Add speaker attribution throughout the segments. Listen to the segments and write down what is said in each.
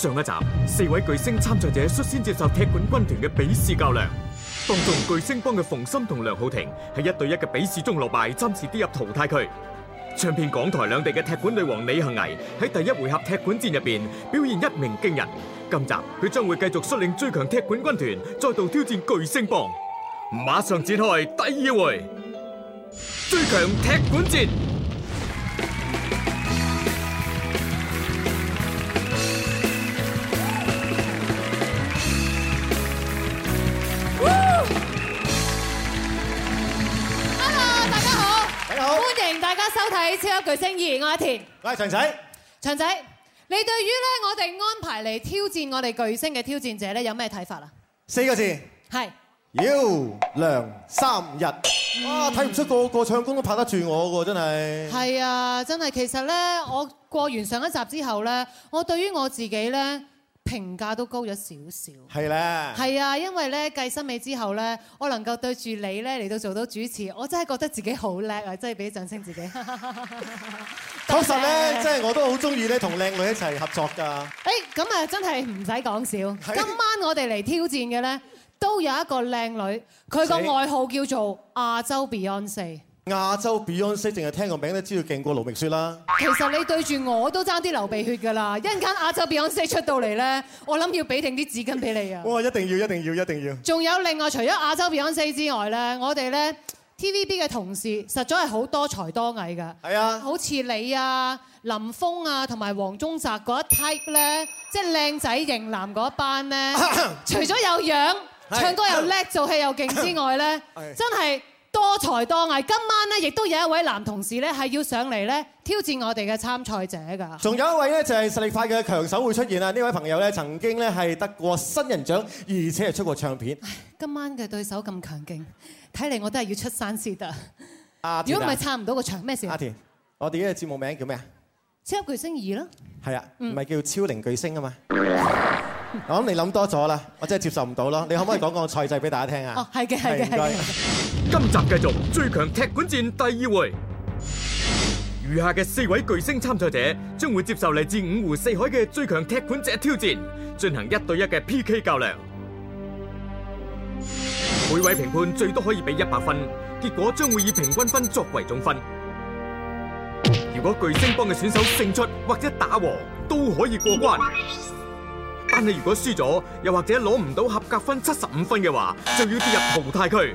Speaker 1: 上一集四位巨聲參賽者率先接受踢館軍團嘅比試較量，當中巨聲幫嘅馮琛同梁皓婷喺一對一嘅比試中落敗，暫時跌入淘汰區。唱片港台兩地嘅踢館女王李幸倪喺第一回合踢館戰入邊表現一鳴驚人，今集佢將會繼續率領最強踢館軍團再度挑戰巨聲幫，馬上展開第二回最強踢館戰。
Speaker 2: 收睇超級巨聲二，我田，喂，祥仔。祥仔，你對於咧我哋安排嚟挑戰我哋巨聲嘅挑戰者咧，有咩睇法啊？
Speaker 3: 四個字。係是。妖量三日。哇！睇唔出個個唱功都拍得住我喎，真係。
Speaker 2: 係啊，真係。其實咧，我過完上一集之後咧，我對於我自己咧。評價都高咗少少。
Speaker 3: 係咧。係
Speaker 2: 啊，因為咧繼新美之後咧，我能夠對住你咧嚟到做到主持，我真係覺得自己好叻啊！真係俾啲掌聲自己。
Speaker 3: 確 實咧，即係 我都好中意咧同靚女一齊合作㗎。誒、欸，
Speaker 2: 咁啊，真係唔使講笑，的今晚我哋嚟挑戰嘅咧，都有一個靚女，佢個外號叫做亞洲 Beyoncé。
Speaker 3: 亞洲 Beyonce，淨係聽個名都知道勁過盧明書啦。
Speaker 2: 其實你對住我都爭啲流鼻血㗎啦！一陣間亞洲 Beyonce 出到嚟咧，我諗要俾定啲紙巾俾你啊！
Speaker 3: 我一定要，一定要，一定要。
Speaker 2: 仲有另外除咗亞洲 Beyonce 之外咧，我哋咧 TVB 嘅同事實在係好多才多藝㗎。係啊是的，好似你啊林峰啊同埋黃宗澤嗰一 type 咧，即係靚仔型男嗰一班咧，除咗有樣是的 唱歌又叻、做戲又勁之外咧，真係。多才多藝，今晚咧亦都有一位男同事咧，係要上嚟咧挑戰我哋嘅參賽者噶。仲有
Speaker 3: 一位咧就係實力派嘅強手會出現喇！呢位朋友咧曾經咧係得過新人獎，而且係出過唱片。
Speaker 2: 今晚嘅對手咁強勁，睇嚟我都係要出山先得。
Speaker 3: 啊，如果唔係撐
Speaker 2: 唔到個場咩事？阿田，
Speaker 3: 我哋呢個節目名叫咩啊？
Speaker 2: 超級巨聲二咯。
Speaker 3: 係啊，唔係叫超齡巨聲啊嘛。我諗你諗多咗啦，我真係接受唔到咯。你可唔可以講個賽制俾大家聽啊？哦，係嘅，係嘅，係嘅。
Speaker 1: 今集繼續最強踢館戰第二回，餘下嘅四位巨聲參賽者將會接受嚟自五湖四海嘅最強踢館者挑戰，進行一對一嘅 PK 較量。每位評判最多可以俾一百分，結果將會以平均分作為總分。如果巨聲幫嘅選手勝出或者打和，都可以過關。但係如果輸咗，又或者攞唔到合格分七十五分嘅話，就要跌入淘汰區。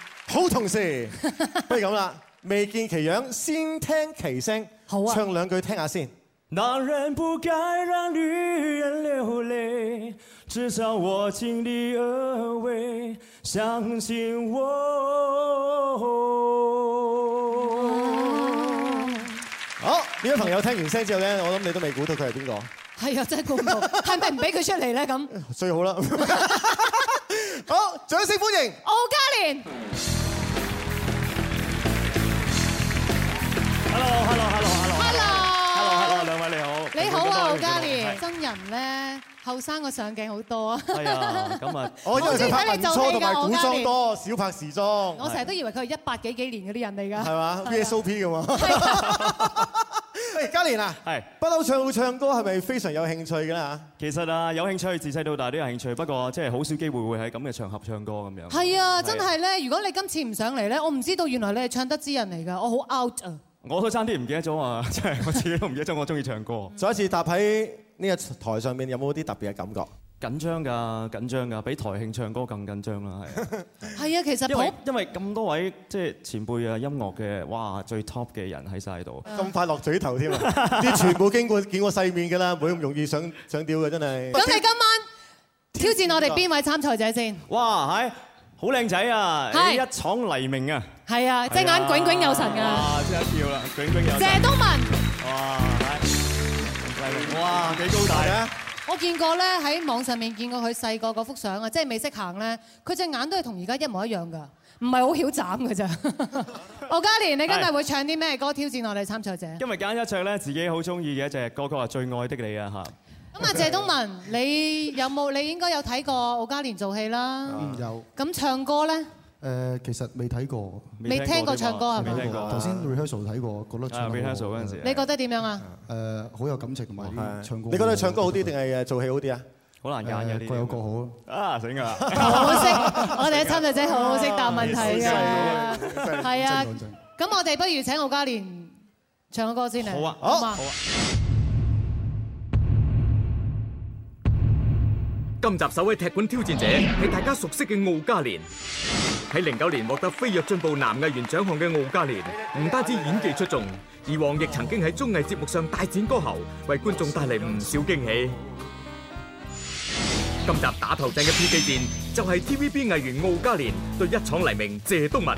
Speaker 3: 好同事，不如咁啦，未見其樣，先聽其聲，好啊，唱兩句聽下先。男人不該讓女
Speaker 4: 人流淚，至少我盡力而為，
Speaker 3: 相信我。好，呢位朋友聽完聲之後咧，我諗你都未估到佢係邊個。
Speaker 2: 係啊，真係估唔到，係咪唔俾佢出嚟咧？咁最好啦！好，掌聲歡迎敖嘉年！Hello，Hello，Hello，Hello，Hello，Hello，兩
Speaker 4: 位你好。你好啊，敖嘉年！真
Speaker 2: 人咧，後生個上鏡好多啊！係啊，咁啊，我以前拍民初同埋古裝多，
Speaker 3: 少拍時裝。我成日都
Speaker 2: 以為佢係一百幾幾年嗰啲人嚟㗎。係
Speaker 3: 嘛？V S O P 㗎喎。喂，嘉年啊，係不嬲唱唱歌，係咪非常有興趣嘅啊？
Speaker 4: 其實啊，有興趣自細到大都有興趣，不過即係好少機會會喺咁嘅場合唱歌咁樣。
Speaker 2: 係啊，真係咧！如果你今次唔上嚟咧，我唔知道原來你係唱得之人嚟嘅，我好 out 啊！
Speaker 4: 我都差啲唔記得咗啊！即係我自己都唔記得咗，我中意唱歌。再一次搭喺呢個台上面，有冇啲特別嘅感覺？緊張噶，緊張噶，比台慶唱歌更緊張啦，係。
Speaker 2: 係啊，其實因為
Speaker 4: 因為咁多位即係前輩啊，音樂嘅哇最 top 嘅
Speaker 3: 人喺曬度，咁快落嘴頭添啊！啲全部經過見過世面嘅啦，唔會咁容易上上吊嘅，真係。咁你
Speaker 2: 今晚挑戰我哋邊位參賽者先？
Speaker 3: 哇，係
Speaker 4: 好靚仔啊！一廠黎明啊！係啊，隻眼炯炯有神㗎。哇，真係跳啦！炯炯
Speaker 5: 有神。謝東閔。
Speaker 4: 哇！黎明，哇幾高大咧？
Speaker 2: 我見過咧，喺網上面見過佢細個嗰幅相啊，即係未識行咧，佢隻眼都係同而家一模一樣噶，唔係好巧斬嘅咋。敖嘉年，你今日會唱啲咩歌挑戰我哋參賽者？
Speaker 4: 今日揀一唱咧，自己好中意嘅一隻歌曲啊，《最愛的你》啊嚇。咁
Speaker 6: 啊謝，謝
Speaker 2: 東閔，你有冇？你應該有睇過敖嘉年做戲啦。不有。咁唱歌咧？
Speaker 6: 誒，其實未睇過，未聽過唱歌係咪？未聽過，頭先 rehearsal 睇過，覺得唱。啊，rehearsal 嗰陣時。
Speaker 2: 你覺得點樣啊？
Speaker 6: 誒，好有感情同埋唱歌。你覺得唱歌
Speaker 2: 好啲
Speaker 3: 定係誒做戲好啲啊？好難揀嘅呢啲嘢，各有各好咯。啊，醒㗎！好識，
Speaker 2: 我哋啲參賽者好識答問題㗎。係啊，咁我哋不如請敖嘉年唱個歌先啦。好啊，
Speaker 1: 好啊。今集首位踢館挑戰者係大家熟悉嘅敖嘉年。喺零九年獲得飛躍進步男藝員獎項嘅敖嘉年，唔單止演技出眾，以往亦曾經喺綜藝節目上大展歌喉，為觀眾帶嚟唔少驚喜。今集打頭陣嘅 PK 戰就係 TVB 藝員敖嘉年對一廠黎明謝東閔。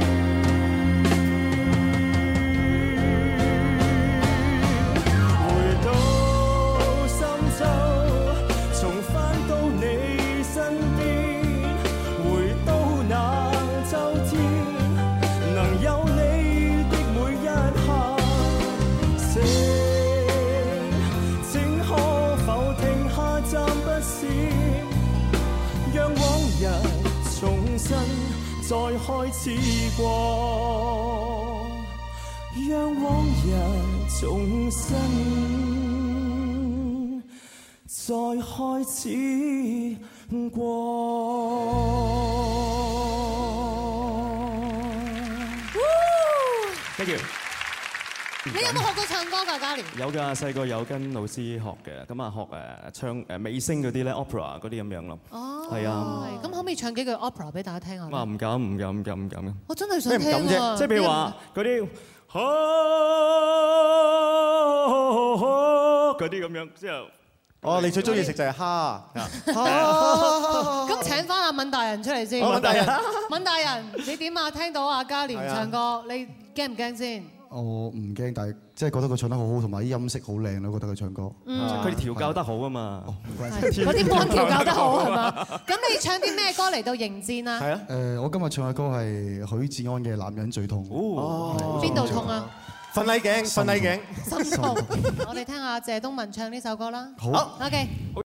Speaker 5: 試過，讓往日重新再開始過。
Speaker 7: Thank you。
Speaker 2: 你有冇學
Speaker 4: 過唱歌㗎，嘉年？有㗎，細個有跟老師學嘅，咁啊學誒唱誒美聲嗰啲咧，opera 嗰啲咁樣咯。
Speaker 2: 哦，係啊。咁可唔可以唱幾句 opera 俾大家聽下？啊，唔敢，唔
Speaker 4: 敢，唔敢，唔敢嘅。我真係
Speaker 2: 想聽啊！咩唔敢啫？即係譬如話
Speaker 4: 嗰啲，嗰啲咁樣之後。哦，你最中意食就係蝦。
Speaker 2: 咁請翻阿敏大人出嚟先。敏大人，敏大人，你點啊？聽到阿嘉年唱歌，你驚唔驚先？
Speaker 6: 我唔驚，但係即係覺得佢唱得好好，同埋啲音色好靚咯。覺得佢唱歌，佢調教得好啊嘛，嗰啲
Speaker 2: 音調教得好係嘛？咁你唱啲咩歌嚟到迎戰啊？係啊，
Speaker 6: 誒我今日唱嘅歌係許志安嘅《男人最痛》，邊度痛啊？
Speaker 2: 瞓捩頸，瞓捩頸，心痛。我哋聽下謝東閔唱呢首歌啦。好，OK。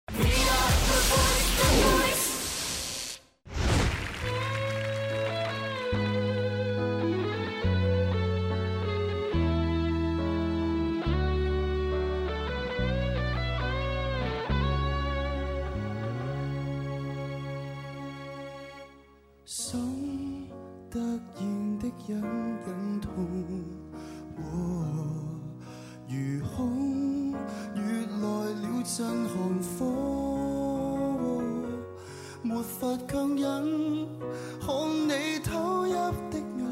Speaker 5: 強忍，看你偷泣的眼，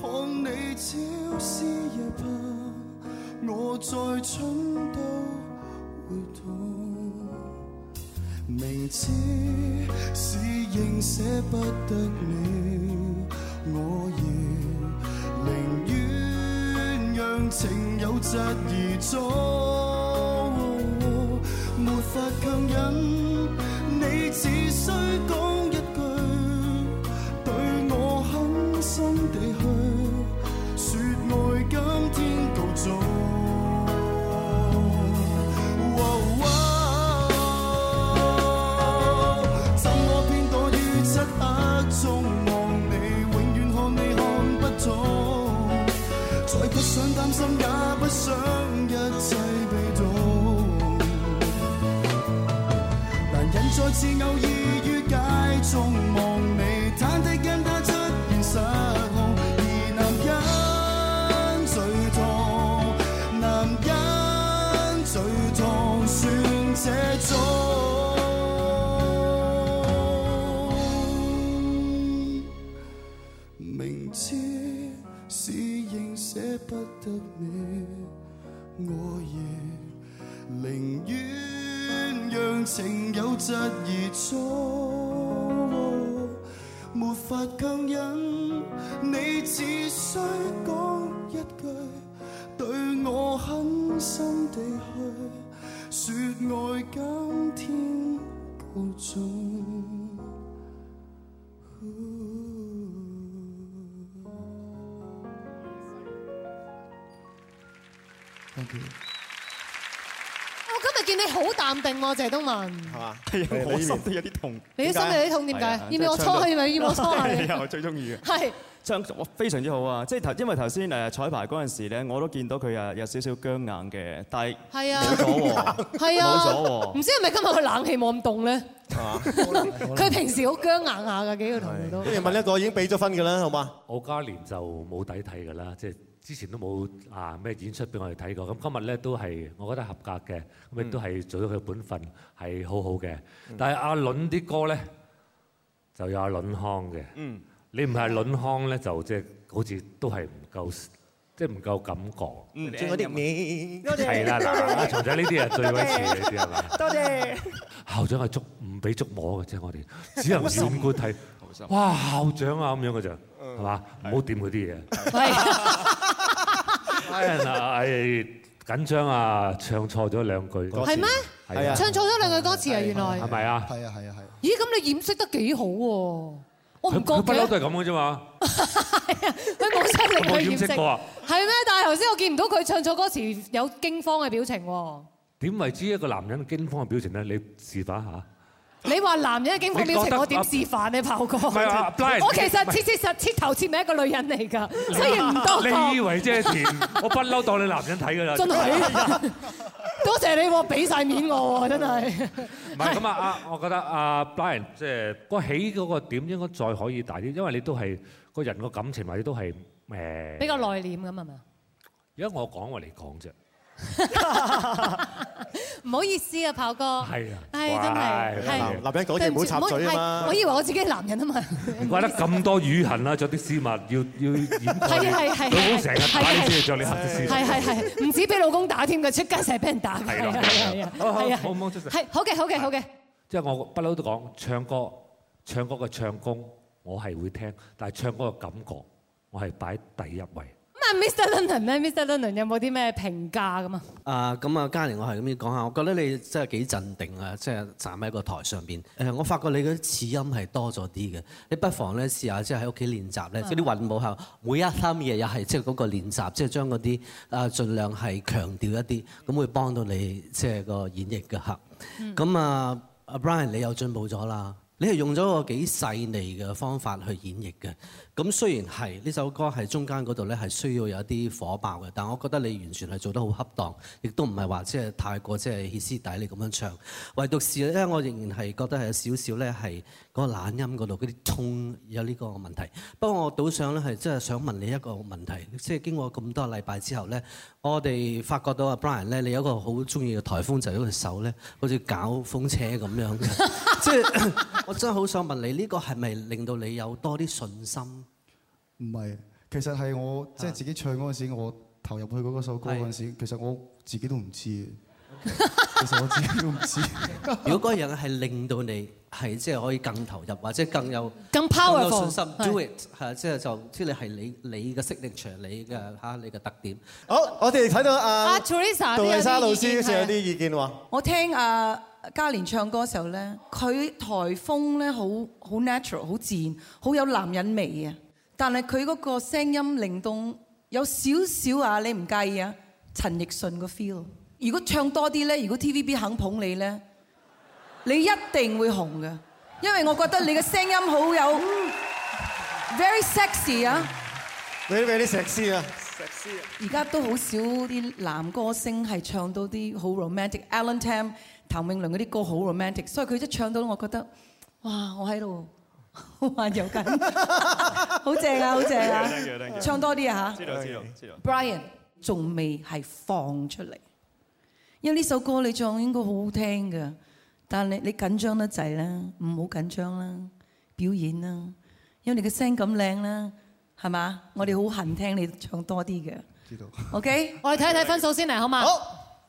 Speaker 5: 看你朝思夜盼，我再蠢都會痛，明知是仍捨不得你，我亦寧願讓情有疾而終，沒法強忍。你只需講一句，對我狠心地去說愛，今天告終。喔，怎我偏躲於漆黑中，望你永遠看你看不透，再不想擔
Speaker 6: 心，也不想。我亦寧願讓情有疾而終，沒
Speaker 5: 法強忍。你只需講一句，對我狠心地去說愛，今天告終。
Speaker 2: 謝謝我今日見你好淡定喎，謝東閔。
Speaker 4: 係嘛？係啊，我心都有啲痛，痛。你心有啲痛點解？要唔要我搓？去，係咪要我搓？我錯嚟？最中意嘅。係。唱我非常之好啊！即係頭，因為頭先誒彩排嗰陣時咧，我都見到佢啊，有少少僵硬嘅。係
Speaker 2: 啊。冇阻和。係啊。冇阻和。唔知係咪今日佢冷氣冇咁凍咧？
Speaker 7: 係嘛。佢平
Speaker 2: 時好僵硬下㗎，幾個同學
Speaker 7: 都。咁你問一個已經俾咗分㗎啦，好嘛？我嘉年就冇底睇㗎啦，即、就、係、是。之前都冇啊咩演出俾我哋睇過，咁今日咧都係我覺得合格嘅，咁亦都係做咗佢本分，係好好嘅。但係阿倫啲歌咧就有阿倫腔嘅，你唔係阿倫腔咧就即係好似都係唔夠，即係唔夠感覺。嗯，轉嗰啲
Speaker 5: 面，
Speaker 3: 多謝。係啦，嗱，阿長仔呢啲啊最鬼似嗰啲係嘛？
Speaker 7: 多謝校長係捉唔俾捉摸嘅啫，我哋只能閃過睇。哇，校長啊咁樣嘅就～係嘛？唔好掂佢啲嘢。
Speaker 5: 係。
Speaker 7: 啊，係緊張啊，唱錯咗兩句歌。係咩？係啊，唱錯咗兩
Speaker 2: 句歌詞啊，原來。
Speaker 7: 係咪啊？係啊，係啊，
Speaker 2: 係。咦？咁你掩飾得幾好喎？我唔覺得！佢都係咁嘅啫嘛。啊！佢冇心嚟我掩飾。係咩？但係頭先我見唔到佢唱錯歌詞有驚慌嘅表情喎。
Speaker 7: 點為之一個男人驚慌嘅表情咧？你示範下。
Speaker 2: 你話男人嘅感覺表情我怎，我點示範你炮哥？我其實切切實切頭切尾一個女人嚟㗎，所以唔多。你以為即係甜
Speaker 7: 我不嬲當你男人睇㗎啦？真係，
Speaker 2: 多謝你俾晒面我，真係。
Speaker 7: 唔係咁啊！阿，我覺得阿 Brian 即係個起嗰個點應該再可以大啲，因為你都係個人個感情或者都係誒。呃、比較
Speaker 2: 內斂咁啊嘛。
Speaker 7: 係咪如果我講，我嚟講啫。
Speaker 2: 唔好意思啊，炮哥，係
Speaker 7: 啊，真係男男人講嘢唔好插嘴，我以
Speaker 2: 為我自己係男人啊嘛。
Speaker 7: 唔怪得咁多瘀痕啦，著啲絲襪要要掩埋。係係係，老公成日打你，你對，即係著啲黑啲絲襪。係係係，
Speaker 2: 唔止俾老公打添嘅，出街成日俾人打。係
Speaker 7: 啊係啊，好唔好？
Speaker 2: 係好嘅好嘅好嘅。
Speaker 7: 即係我不嬲都講唱歌，唱歌嘅唱功我係會聽，但係唱歌嘅感覺我係擺第一位。
Speaker 2: Mr. Lennon 咧，Mr. Lennon 有冇啲咩評價咁啊？
Speaker 8: 啊，咁啊，嘉年，我係咁樣講下，我覺得你真係幾鎮定啊！即係站喺個台上邊，誒，我發覺你嗰啲次音係多咗啲嘅，你不妨咧試下即係喺屋企練習咧。即啲韻母後，每一三日又係即係嗰個練習，即係將嗰啲啊，儘量係強調一啲，咁會幫到你即係個演繹嘅嚇。咁啊對吧，Brian，你又進步咗啦，你係用咗個幾細膩嘅方法去演繹嘅。咁雖然係呢首歌係中間嗰度咧係需要有一啲火爆嘅，但係我覺得你完全係做得好恰當，亦都唔係話即係太過即係歇斯底里咁樣唱。唯獨是咧，我仍然係覺得係有少少咧係嗰個懶音嗰度嗰啲衝有呢個問題。不過我倒想咧係真係想問你一個問題，即係經過咁多禮拜之後咧，我哋發覺到阿 Brian 咧，你有一個，很喜歡的、就是、個好中意嘅台風就係一隻手咧，好似搞風車咁樣嘅。即係、 就是、我真係好想問你，呢、這個係咪令到你有多啲信心？
Speaker 6: 唔係，其實係我即係自己唱嗰陣時，我投入去嗰
Speaker 8: 首歌嗰陣時，其實我自己都唔知其實我自己都唔知。如果嗰樣係令到你係即係可以更投入，或者更有更 powerful 信心，do it 係即係就知你係你你嘅 signature 你嘅嚇你嘅特點。好，我哋睇到
Speaker 9: 阿杜麗莎老師有啲意見話，我聽阿嘉年唱歌時候咧，佢台風咧好好 natural，好自然，好有男人味啊。但係佢嗰個聲音靈動，有少少啊！你唔介意啊？陳奕迅個 feel。如果唱多啲咧，如果 TVB 肯捧你咧，你一定會紅嘅，因為我覺得你嘅聲音好有 very sexy 啊！
Speaker 3: 你俾啲石獅啊！石
Speaker 9: 獅啊！而家都好少啲男歌星係唱到啲好 romantic，Alan Tam、譚詠麟嗰啲歌好 romantic，所以佢一唱到，我覺得哇！我喺度。慢又緊，好正啊，好正啊！唱多啲啊吓！知道知道知道。Brian 仲未係放出嚟，因為呢首歌你唱應該好好聽噶，但係你緊張得滯啦，唔好緊張啦，表演啦，因為你嘅聲咁靚啦，係嘛？我哋好恨聽你唱多啲嘅。
Speaker 10: 知道。OK，
Speaker 2: 我哋睇一睇分數先嚟，好嘛？好。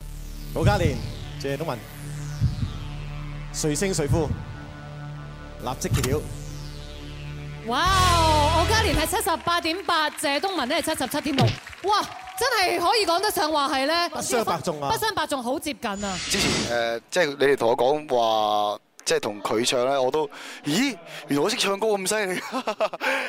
Speaker 3: 敖嘉年、謝東閔，誰勝誰負？立即揭曉。
Speaker 2: 哇！我嘉年係七十八點八，謝東閔咧係七十七點六。哇！真係可以講得上話係咧，不相伯仲啊，不相伯仲，好接近啊。之
Speaker 6: 前誒，即係你哋同我講話，即係同佢唱咧，我都咦？原來我識唱歌咁犀利，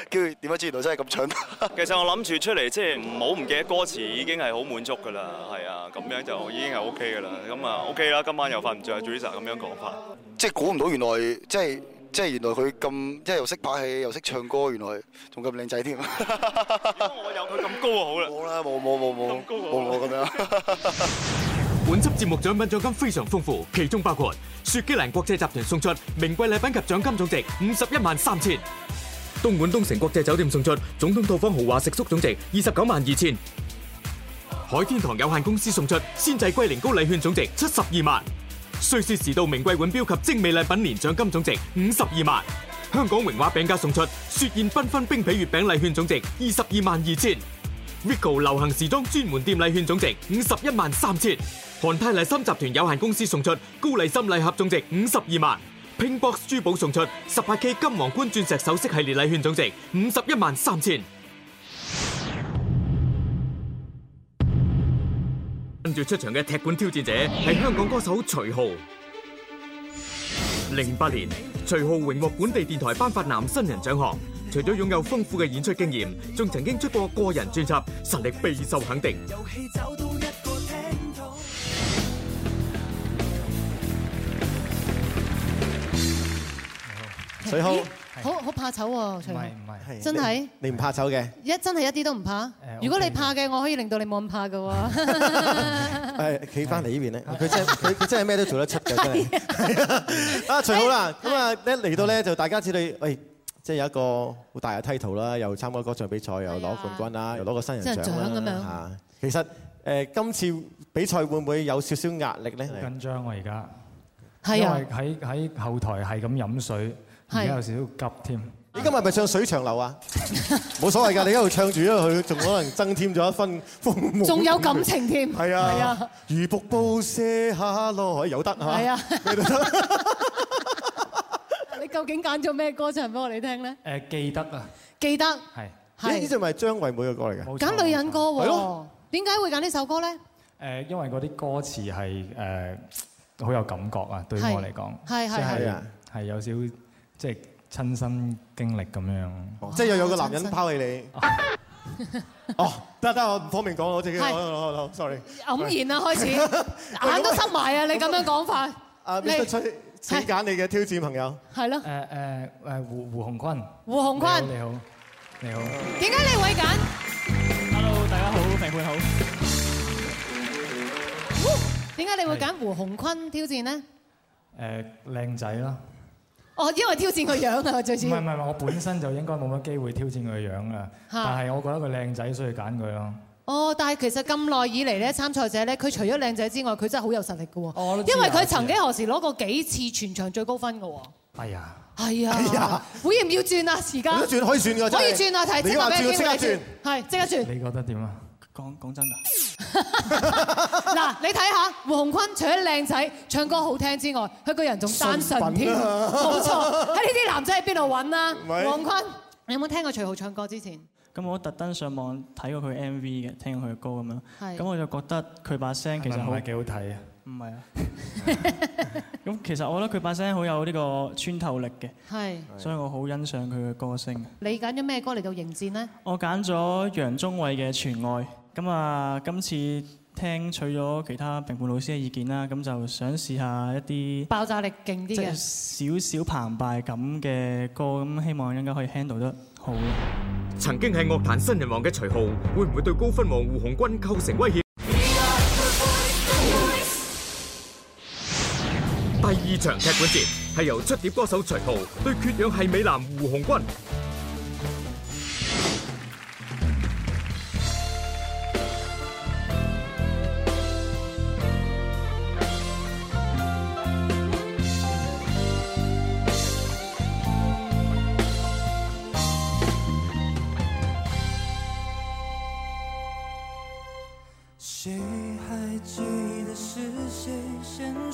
Speaker 6: 叫點解知道真係咁唱？
Speaker 4: 其實我諗住出嚟即係唔好唔記得歌詞已經係好滿足噶啦，係啊，咁樣就已經係 OK 噶啦。咁啊 OK 啦，今晚又瞓唔着，啊 j e s 咁 樣講
Speaker 6: 法， 即係估唔到原來即係。就是即係原來佢咁，即係又識拍戲又識唱歌，原來仲咁靚仔添。如果我有佢咁高啊，好啦，冇冇冇冇，咁高，
Speaker 1: 冇我咁樣。本集節目獎品獎金非常豐富，其中包括雪肌蘭國際集團送出名貴禮品及獎金總值五十一萬三千；東莞東城國際酒店送出總統套房豪華食宿總值二十九萬二千；海天堂有限公司送出先製龜苓膏禮券總值七十二萬。瑞士時到名貴腕表及精美禮品連獎金總值五十二萬，香港榮華餅家送出雪燕繽紛冰皮月餅禮券總值二十二萬二千 v i c o 流行時裝專門店禮券總值五十一萬三千，韓泰麗心集團有限公司送出高麗心禮盒總值五十二萬，拼搏珠寶送出十八 K 金皇冠鑽石首飾系列禮券總值五十一萬三千。跟住出場嘅踢館挑戰者係香港歌手徐浩。零八年，徐浩榮獲本地電台頒發男新人獎項。除咗擁有豐富嘅演出經驗，仲曾經出過個人專輯，實力備受肯定。
Speaker 2: 徐浩。好好怕醜喎，徐浩，真係。
Speaker 3: 你唔怕醜嘅？
Speaker 2: 一真係一啲都唔怕。如果你怕嘅，我可以令到你冇咁怕㗎喎。係
Speaker 3: 企翻嚟呢邊咧，佢真係佢佢真係咩都做得出嘅，真係。啊，徐浩啦，咁啊一嚟到咧就大家知道，喂，即係有一個好大嘅 title 啦，又參加歌唱比賽，又攞冠軍啦，又攞個新人獎啦。獎咁樣嚇。其實誒，今次比賽會唔會有少少壓力咧？緊張啊！而家因為
Speaker 1: 喺喺後台係咁飲水。係有少少急添。
Speaker 3: 你今日係咪唱《水長流》啊？冇所謂㗎，你一路唱住，因為佢仲可能增添咗一分風韻。仲有感情添。係啊。係啊。如瀑布瀉下落，有得啊。
Speaker 2: 係啊。得。你究竟揀咗咩歌唱俾我哋聽咧？
Speaker 3: 誒，記得啊。
Speaker 2: 記得。係。係。呢啲就
Speaker 3: 係張惠妹嘅歌嚟嘅。冇
Speaker 2: 錯。揀女人歌喎。點解會揀呢首歌咧？
Speaker 1: 誒，因為嗰啲歌詞係誒好有感覺啊，對我嚟講。
Speaker 2: 係係啊。即
Speaker 1: 係有少。即係親身經歷咁樣，
Speaker 11: 即係又有個男人
Speaker 3: 拋棄你。哦，得得，我唔方便講我自己，我我我，sorry。黯然啊，開始
Speaker 2: 眼都濕埋啊！你咁樣講法。阿 Michelle，
Speaker 3: 請揀你嘅挑戰朋友。係咯。誒誒誒，胡胡鴻鈞。胡鴻鈞。你好，你好。
Speaker 2: 點解你會揀
Speaker 3: ？Hello，大家好，肥妹好。
Speaker 2: 點解你會揀胡鴻鈞挑戰呢？
Speaker 11: 誒，
Speaker 1: 靚仔囉。
Speaker 2: 我因為挑戰個樣啊，最主要。唔係唔
Speaker 1: 係，我本身就應該冇乜機會挑戰佢個樣啊。但係我覺得佢靚仔，所以揀佢
Speaker 2: 咯。哦，但係其實咁耐以嚟咧，參賽者咧，佢除咗靚仔之外，佢真係好有實力㗎喎。因為佢曾幾何時攞過幾次全場最高分㗎喎。係啊。係啊。係啊。會唔要轉啊？而家。可以轉嘅，可以轉啊！題詞咩？即刻轉。即刻轉。轉轉轉轉轉轉轉轉轉，你
Speaker 11: 覺得點啊？講講真㗎。
Speaker 2: 你睇下胡鴻鈞，除咗靚仔、唱歌好聽之外，佢個人仲單純添，冇錯在這些在。喺呢啲男仔喺邊度揾啊？胡鴻鈞，你有冇聽過徐浩唱歌之前？咁
Speaker 11: 是的 我特登上網睇過佢 MV 嘅，聽過佢嘅歌咁樣。係。咁我就覺得佢把聲其實好。唔係幾好睇啊？唔係啊。咁其實我覺得佢把聲好有呢個穿透力嘅。
Speaker 2: 係。所
Speaker 11: 以我好欣賞佢嘅歌聲。
Speaker 2: 你揀咗咩歌嚟到迎戰呢？
Speaker 11: 我揀咗楊宗緯嘅《存愛》。咁啊，今次。聽取咗其他評判老師嘅意見啦，咁就想試下一啲
Speaker 2: 爆炸力勁啲即係，
Speaker 11: 少少澎湃咁嘅歌咁，希望應該可以 handle 得好。
Speaker 1: 曾經係樂壇新人王嘅徐浩，會唔會對高分王胡鴻鈞構成威脅？第二場踢館戰係由出碟歌手徐浩對決養氣美男胡鴻鈞。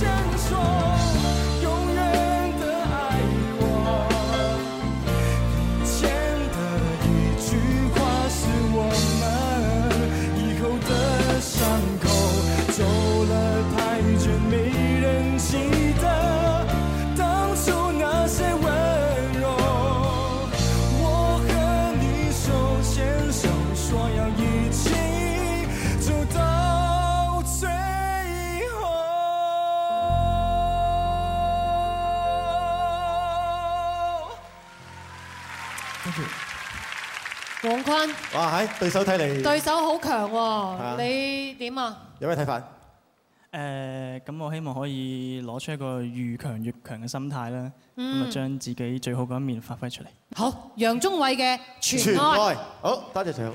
Speaker 5: 閃爍。
Speaker 2: 哇！喺
Speaker 3: 對手睇嚟，對
Speaker 2: 手好強喎。你點啊？
Speaker 3: 有咩睇法？誒，
Speaker 11: 咁我希望可以攞出一個愈強愈強嘅心態啦，咁啊將自己最好嗰一面發揮出嚟。
Speaker 2: 好，楊宗緯嘅存愛，
Speaker 11: 好，多謝隊友。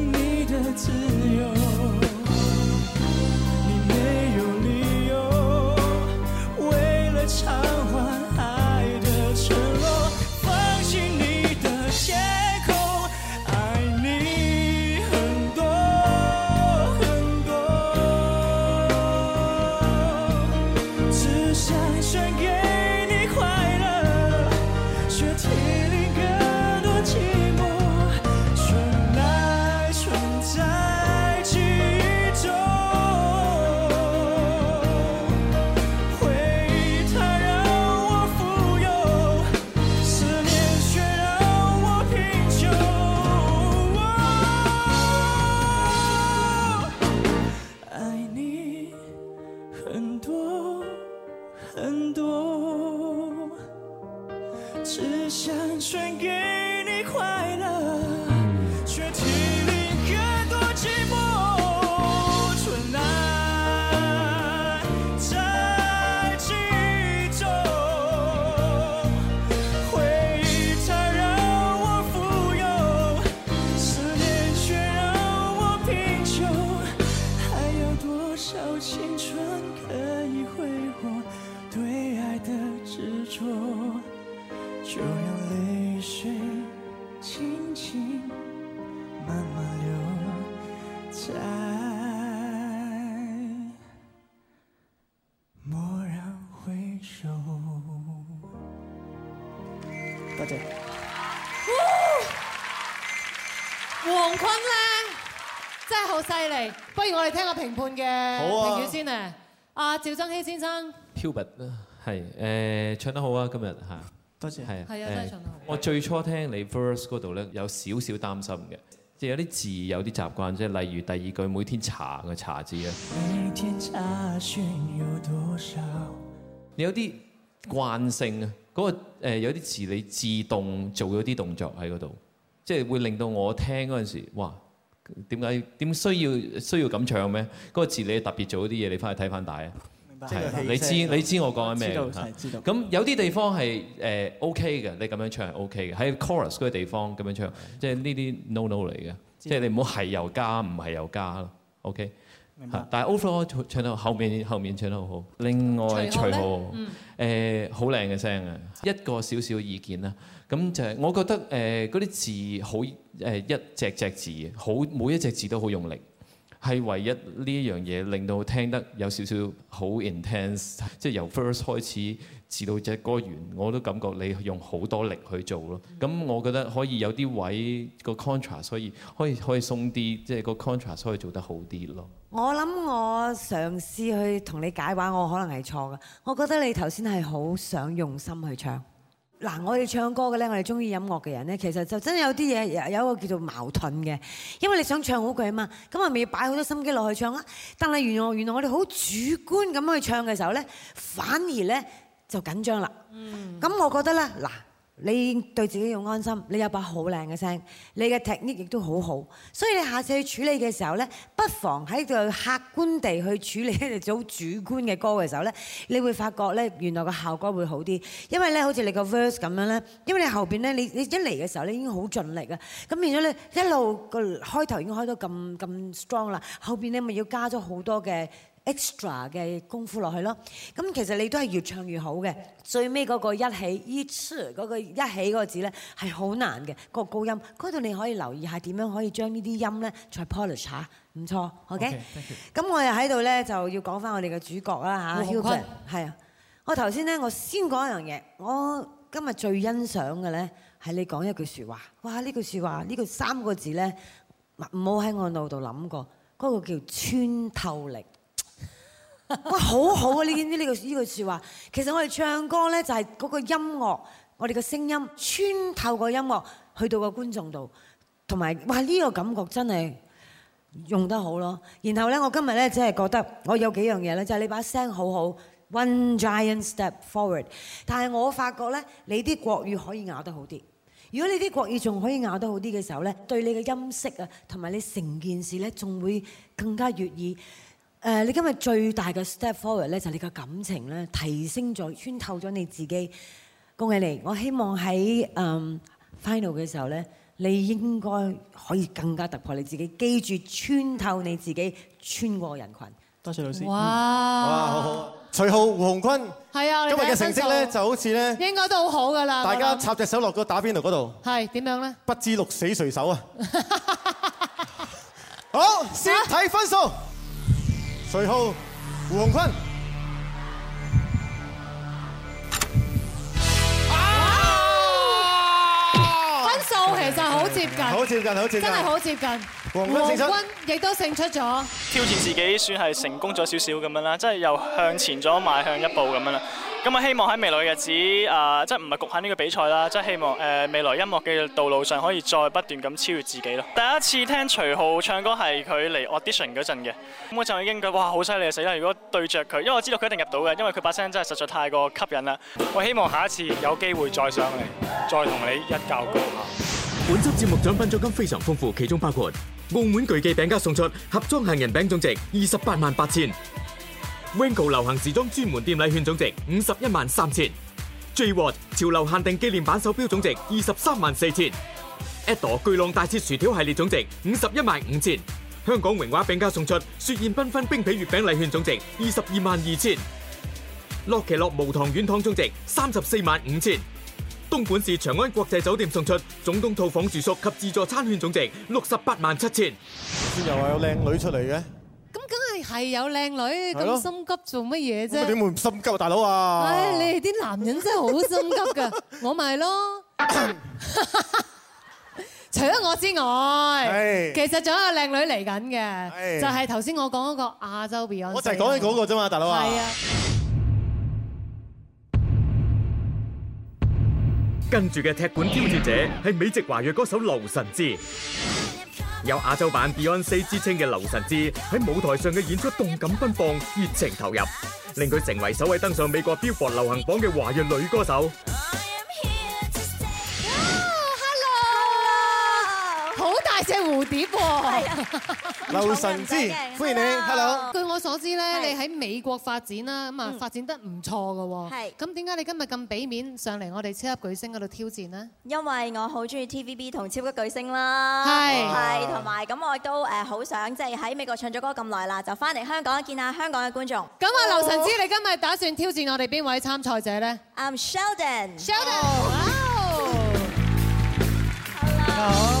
Speaker 2: 犀利，不如我哋聽下評判嘅好，評語先好啊！阿趙增熹先生
Speaker 12: ，Hubert 係誒唱得好啊，今日嚇，多謝，係啊，真係唱得好。我最初聽你 verse 嗰度咧，有少少擔心嘅，即係有啲字有啲習慣，即係例如第二句每天查個查字啊。
Speaker 5: 每天查詢有多少？你
Speaker 12: 有啲慣性啊，嗰、嗰個誒有啲字你自動做咗啲動作喺嗰度，即係會令到我聽嗰陣時哇！點解點需要需要咁唱咩？嗰個字你特別做咗啲嘢，你翻去睇翻大啊！明白，係你知你知我講緊咩？知道。咁有啲地方係誒 OK 嘅，你咁樣唱係 OK 嘅。喺 chorus 嗰個地方咁樣唱，即係呢啲 no no 嚟嘅，即係你唔好係又加，唔係又加咯。OK，明白。但係 overall 唱到後面後面唱得好好。另外徐浩誒好靚嘅聲啊！一個少少意見啦。咁就係，我覺得誒嗰啲字好誒一隻隻字，好每一隻字都好用力，係唯一呢一樣嘢令到我聽得有少少好 intense，即係由 first 開始至到隻歌完，我都感覺你用好多力去做咯。咁我覺得可以有啲位、個 contrast，所以可以可以，可以鬆啲，即係個 contrast 所以做得好啲咯。
Speaker 10: 我諗我嘗試去同你解話，我可能係錯嘅。我覺得你頭先係好想用心去唱。嗱，我哋唱歌嘅呢，我哋鍾意音樂嘅人其實就真係有啲嘢有一個叫做矛盾嘅，因為你想唱好佢啊嘛，咁啊咪要擺好多心機落去唱，但係原來原來我哋好主觀咁去唱嘅時候反而就緊張啦，咁我覺得呢。你對自己要安心，你有把好靚嘅聲，你嘅 technique 亦都好好，所以你下次去處理嘅時候呢，不妨喺度客觀地去處理一隻好主觀嘅歌嘅時候呢，你會發覺呢，原來個效果會好啲，因為呢好似你個 verse 咁樣呢，因為你後邊呢你你一嚟嘅時候呢已經好盡力啊，咁變咗呢一路個開頭已經開到咁咁 strong 啦，後邊呢咪要加咗好多嘅，extra 嘅功夫落去咯，咁其實你都係越唱越好嘅。最尾嗰個一起，sure 嗰個一起嗰個字咧係好難嘅個高音，嗰度你可以留意下點樣可以將呢啲音咧再 polish 下。唔錯，OK。咁我又喺度咧就要講翻我哋嘅主角啦嚇，係啊 Hubert。我頭先咧，我先講一樣嘢。我今日最欣賞嘅咧係你講一句説話，哇！呢句説話呢句三個字咧，唔好喺我腦度諗過，嗰個叫穿透力。哇，好好啊！你知唔知呢個呢句説話？其實我哋唱歌呢，就係嗰個音樂，我哋嘅聲音穿透個音樂去到個觀眾度，同埋哇呢個感覺真係用得好咯。然後呢，我今日呢，真係覺得我有幾樣嘢呢，就係你把聲好好，One Giant Step Forward。但係我發覺呢，你啲國語可以咬得好啲。如果你啲國語仲可以咬得好啲嘅時候呢，對你嘅音色啊，同埋你成件事呢，仲會更加悅耳。你今日最大嘅 step forward 咧，就係、是、你嘅感情咧，提升咗，穿透咗你自己，恭喜你！我希望喺、um, final 嘅時候咧，你應該可以更加突破你自己，記住穿透你自己，穿過人群。多謝老師。哇！哇！好
Speaker 2: 好。
Speaker 3: 徐浩、胡鴻鈞，
Speaker 2: 係啊，今日嘅成績咧就好似咧，應該都好好噶啦。大家
Speaker 3: 插隻手落個打邊爐嗰度。
Speaker 2: 係點樣咧？
Speaker 3: 不知鹿死誰手啊！
Speaker 2: 好，先睇分數麼最後，胡鴻鈞，分數其實好接近，好接近，好接真係好接近。
Speaker 11: 胡鴻鈞
Speaker 2: 亦都勝出咗，
Speaker 11: 挑戰自己算係成功咗少少咁樣啦，即係又向前咗邁向一步咁樣啦。咁啊，我希望喺未來嘅日子，誒、呃，即係唔係局限呢個比賽啦，即係希望誒、呃、未來音樂嘅道路上可以再不斷咁超越自己咯。第一次聽徐浩唱歌係佢嚟 audition 嗰陣嘅，咁我就已經覺哇好犀利啊死啦！如果對着佢，因為我知道佢一定入到嘅，因為佢把聲真係實在太過吸引啦。我希望下一次有機會再上嚟，
Speaker 1: 再同你一較高下。本週節目獎品獎金非常豐富，其中包括澳門巨記餅家送出盒裝杏仁餅總值二十八萬八千。Wingo 流行時裝專門店禮券總值五十一萬三千。J w att, 潮流限定紀念版手表總值二十三萬四千。Edo 巨浪大切薯條系列總值五十一萬五千。香港榮華餅家送出雪燕繽紛,紛冰皮月餅禮券總值二十二萬二千。洛奇樂無糖軟糖總值三十四萬五千。東莞市長安國際酒店送出總統套房住宿及自助餐券總值六十八萬七
Speaker 3: 千。又話有靚女出嚟嘅。
Speaker 2: 梗係係有靚女，咁心急做乜嘢啫？點會
Speaker 3: 唔心急啊，大佬啊！唉，
Speaker 2: 你哋啲男人真係好心急噶，我咪咯。除咗我之外，其實仲有個靚女嚟緊嘅，就係頭先我講嗰個亞洲 Beyond。我就係講緊嗰個
Speaker 3: 啫嘛，大佬啊！係啊！
Speaker 1: 跟住嘅踢館挑戰者係美籍華裔歌手劉晨芝。有亞洲版碧 n c 之稱嘅劉神志喺舞台上嘅演出動感奔放、熱情投入，令佢成為首位登上美國 b i 流行榜嘅華裔女歌手。
Speaker 2: 即係蝴蝶喎，
Speaker 3: 劉晨芝，歡迎你，Hello。據
Speaker 2: 我所知咧，你喺美國發展啦，咁啊發展得唔錯㗎喎。係。咁點解你今日咁俾面上嚟我哋超級巨星嗰度挑戰呢？
Speaker 13: 因為我好中意 TVB 同超級巨星啦，係，係，同埋咁我都誒好想即係喺美國唱咗歌咁耐啦，就翻嚟香港見下香港嘅觀眾。咁啊，劉晨
Speaker 2: 芝，你今日打算挑戰我哋邊位參賽者呢？I'm Sheldon。Sheldon。Hello。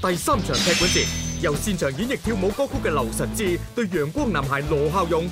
Speaker 1: 第三場踢館是由擅長演繹跳舞歌曲嘅劉晨芝對陽光男孩羅孝勇。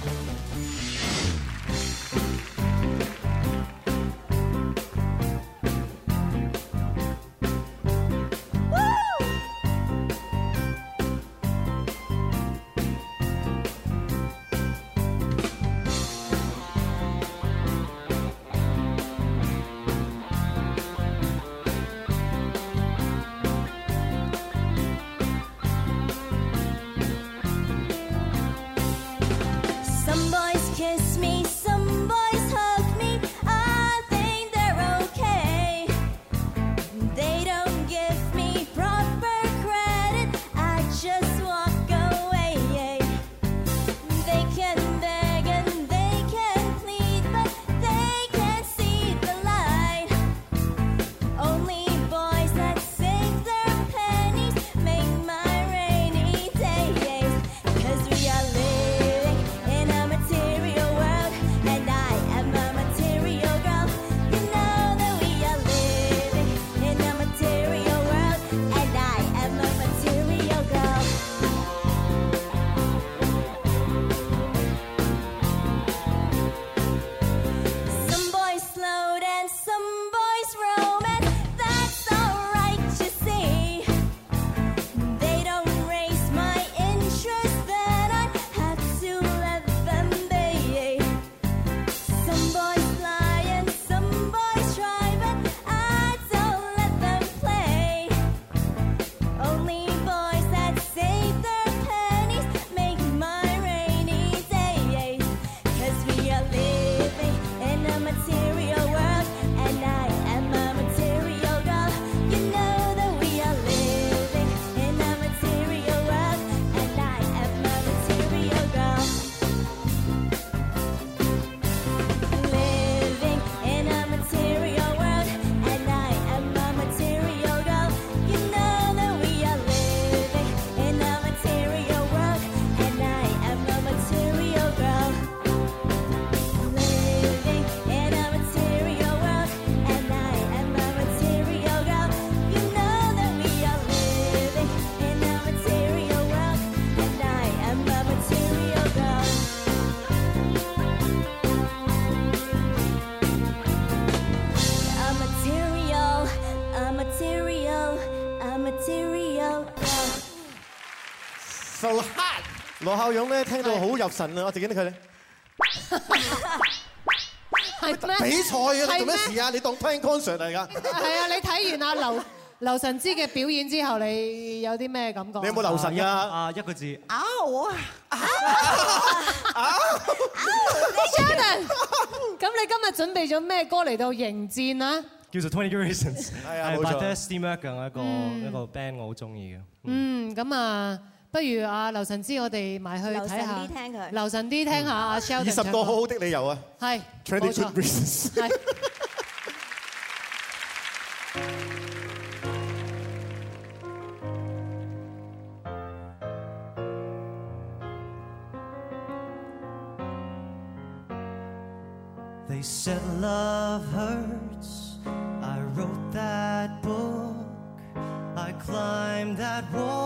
Speaker 3: 羅孝勇咧聽到好入神啊！我哋見到佢咧，
Speaker 2: 係咩？比賽啊！你做咩事
Speaker 3: 啊？你當 fans concert 嚟噶？
Speaker 2: 係啊！你睇完阿劉劉晨芝嘅表演之後，你有啲咩感覺？你有冇劉神呀？啊，一個字。Oh！你 Jordan，咁你今日準備咗咩歌嚟到迎戰啊？
Speaker 4: 叫做 Twenty Good Reasons，係啊，我知。Thirsty Merc 係一個一個 band，我好中意嘅。
Speaker 2: 嗯，咁啊。不如啊，劉晨芝，我哋埋去睇下，留神啲聽佢，留神啲聽下啊，Sheldon，二十個好好的理由啊，係，二十個好好
Speaker 5: 的理由啊，係。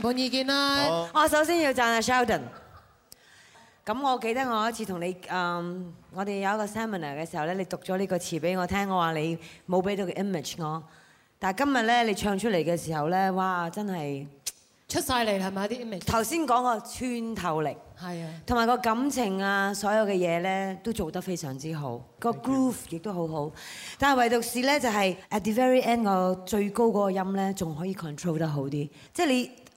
Speaker 2: 冇意見啦。好吧 我首先要讚啊 Sheldon。
Speaker 10: 咁我記得我一次同你，嗯，我哋有一個 seminar 嘅時候咧，你讀咗呢個詞俾我聽，我話你冇俾到個 image 我。但係今日咧，你唱出嚟嘅時候咧，哇，真係出晒嚟，係咪啲 image？頭先講個穿透力，係啊，同埋個感情啊，所有嘅嘢咧都做得非常之好，個 groove 亦都好好。但係唯獨是咧，就係 at the very end 個最高嗰個音咧，仲可以 control 得好啲，即係你。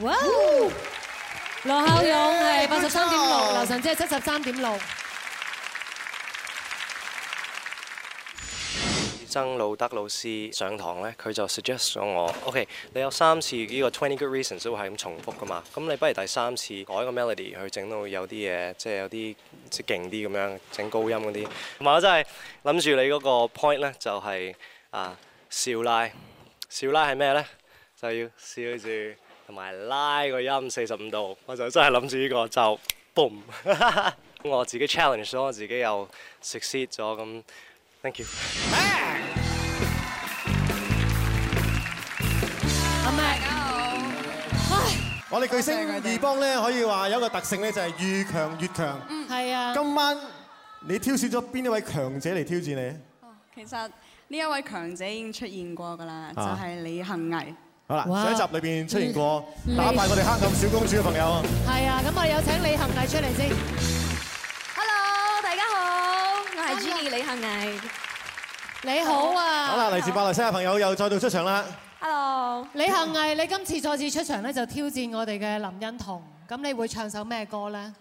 Speaker 2: 哇！羅孝勇係八十三點六，
Speaker 11: 劉晨芝係七十三點六。
Speaker 4: 曾路德老師上堂咧，佢就 suggest 咗我，OK，你有三次呢個 twenty good reasons 都會係咁重複噶嘛。咁你不如第三次改個 melody 去整到有啲嘢，即係有啲即係勁啲咁樣，整高音嗰啲。同埋我真係諗住你嗰個 point 咧，就係啊笑奶。笑奶係咩咧？就要笑住。同埋拉個音四十五度，我真的、這個、就真係諗住呢個就 boom，咁我自己 challenge 咗，我自己又 success 咗，咁 thank you。阿 m 大
Speaker 2: 家好！
Speaker 3: 我哋巨聲二幫咧，可以話有一個特性咧，就係越強越強。
Speaker 14: Mm. 嗯，係啊。今晚
Speaker 3: 你挑選咗邊一位強者嚟挑戰你？
Speaker 14: 其實呢一位強者已經出現過㗎啦，就係、是、李幸倪。
Speaker 3: 好啦，上一集裏邊出現過
Speaker 14: 打敗我哋黑暗
Speaker 3: 小公主嘅朋友。
Speaker 14: 係啊，咁我有請李幸倪出嚟先。
Speaker 2: Hello，大家好，我係 Jeanie 李幸倪。你好啊。好啦，嚟自
Speaker 3: 馬來西亞朋友又再度出場啦。
Speaker 2: Hello，李幸倪，你今次再次出場咧，就挑戰我哋嘅林欣彤，咁你會唱首咩歌咧？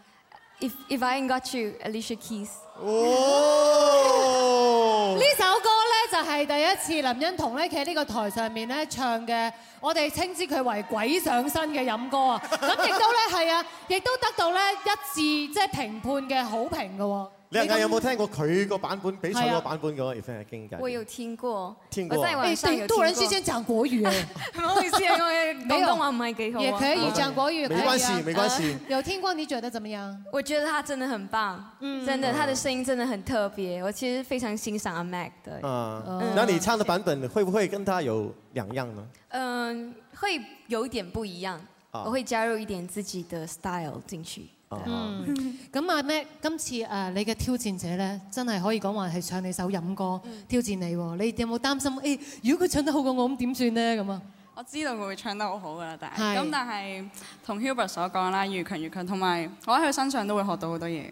Speaker 2: If if I ain't got
Speaker 14: you, Alicia Keys。Key 哦！呢
Speaker 2: 首歌咧就係第一次林欣彤咧企喺呢個台上面咧唱嘅，我哋稱之佢為鬼上身嘅飲歌啊！咁亦都咧係啊，亦都得到咧一致即係評判嘅
Speaker 14: 好評嘅喎。你有冇
Speaker 3: 聽過佢個版本？比賽個版本嘅？個《If I Ain't Got You》。我
Speaker 14: 有聽過，我在晚上
Speaker 3: 聽過。
Speaker 2: 突然之間講國語啊！ 不好意思啊，我，也統統我，我……也可以講國
Speaker 14: 語，沒關係，沒關係。有聽過？你覺得怎麼樣？我覺得他真的很棒，嗯、真的，他的聲音真的很特別。我其實非常欣賞阿、啊、Mac 的、嗯。那你唱
Speaker 3: 的版本會不會跟他有兩樣呢？嗯，
Speaker 14: 會有點不一樣。我會加入一點自己的 style 進去。嗯，咁啊 Mag？
Speaker 2: 今次誒你嘅挑戰者咧，真係可以講話係唱你首飲歌挑戰你喎。你有冇擔心？誒，如果佢唱得好過我咁點算呢？咁啊，
Speaker 14: 我知道佢會唱得好好噶啦，但係咁，是但係同 Hubert 所講啦，越強越強。同埋我喺佢身上都會學到好多嘢。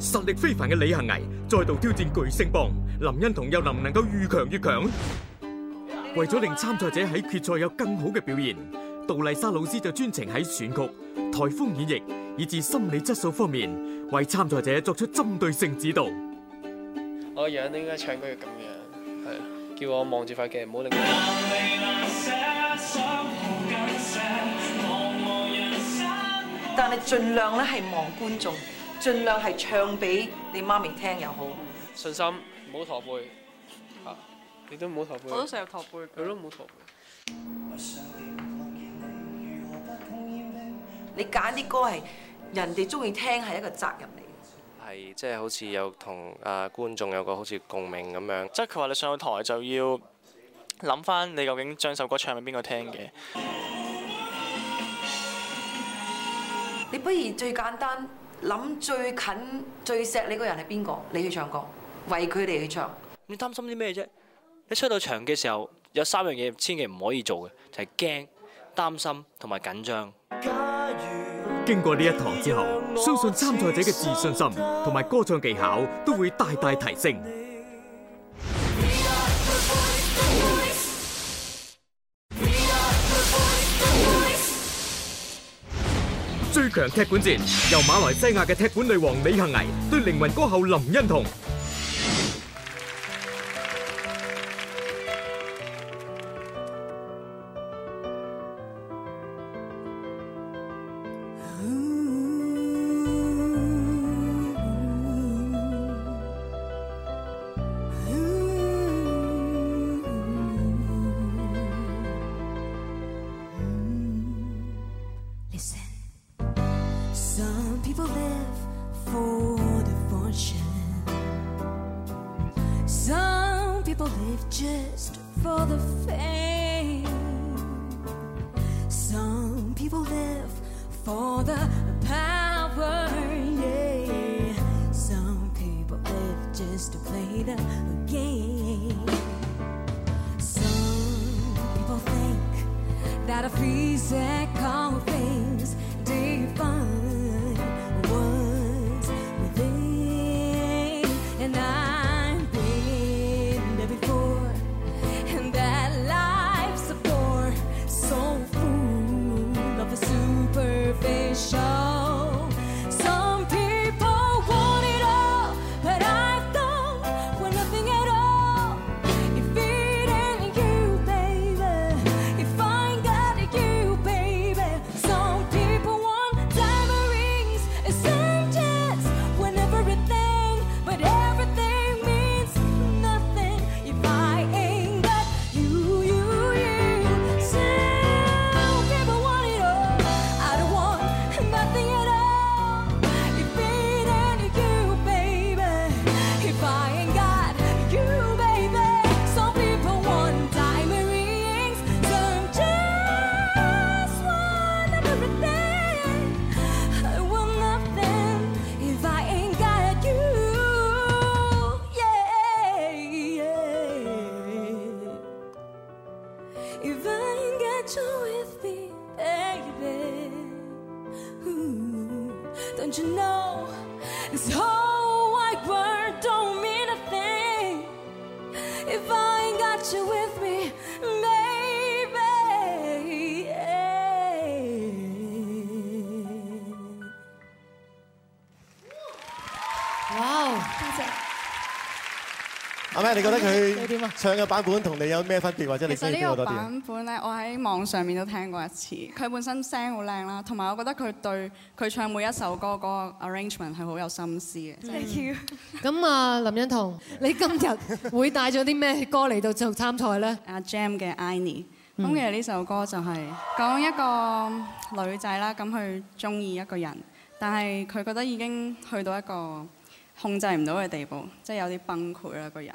Speaker 1: 實力非凡嘅李幸倪再度挑戰巨聲幫林欣彤，又能唔能夠越強越強？為咗令參賽者喺決賽有更好嘅表現，杜麗莎老師就專程喺選曲、台風演繹，以至心理質素方面，為參賽者作出針對性指導。
Speaker 12: 我樣都應該唱句咁樣。係。叫我望住塊鏡，唔好理
Speaker 9: 佢。但係盡量咧係望觀眾，盡量係唱俾你媽咪聽又好。信心，唔好駝背。啊，你都唔好駝背。我都成日駝背。係都唔好駝背。你揀啲歌係人哋中意聽，係一個責任嚟
Speaker 11: 嘅。係即係好似有同啊、呃、觀眾有個好似共鳴咁樣，即係佢話你上台就要諗翻你究竟將首歌唱俾邊個聽嘅。
Speaker 9: 你不如最簡單諗最近最錫你個人係邊個，你去唱歌，為佢哋去唱。你擔心啲咩啫？
Speaker 15: 你出到場嘅時候有三樣嘢千祈唔可以做嘅，就係驚、擔心同
Speaker 1: 埋緊張。經過呢一堂之後，相信參賽者嘅自信心同埋歌唱技巧都會大大提升。最強踢館戰由馬來西亞嘅踢館女王李幸倪對靈魂歌后林欣彤。
Speaker 3: 你覺得佢唱嘅版本同你有咩分別，或者你 favourite 邊個多啲？其實呢
Speaker 14: 個版本咧，我喺網上面都聽過一次。佢本身聲好靚啦，同埋我覺得佢對佢唱每一首歌嗰個 arrangement 係好有心思嘅，就是。
Speaker 2: Thank you。咁啊，林欣彤， 你今日會帶咗啲咩歌嚟
Speaker 14: 到做參賽咧？阿 Jam 嘅《A.I.N.Y.》。咁其實呢首歌就係講一個女仔啦，咁佢中意一個人，但係佢覺得已經去到一個控制唔到嘅地步，即係有啲崩潰啦，個人。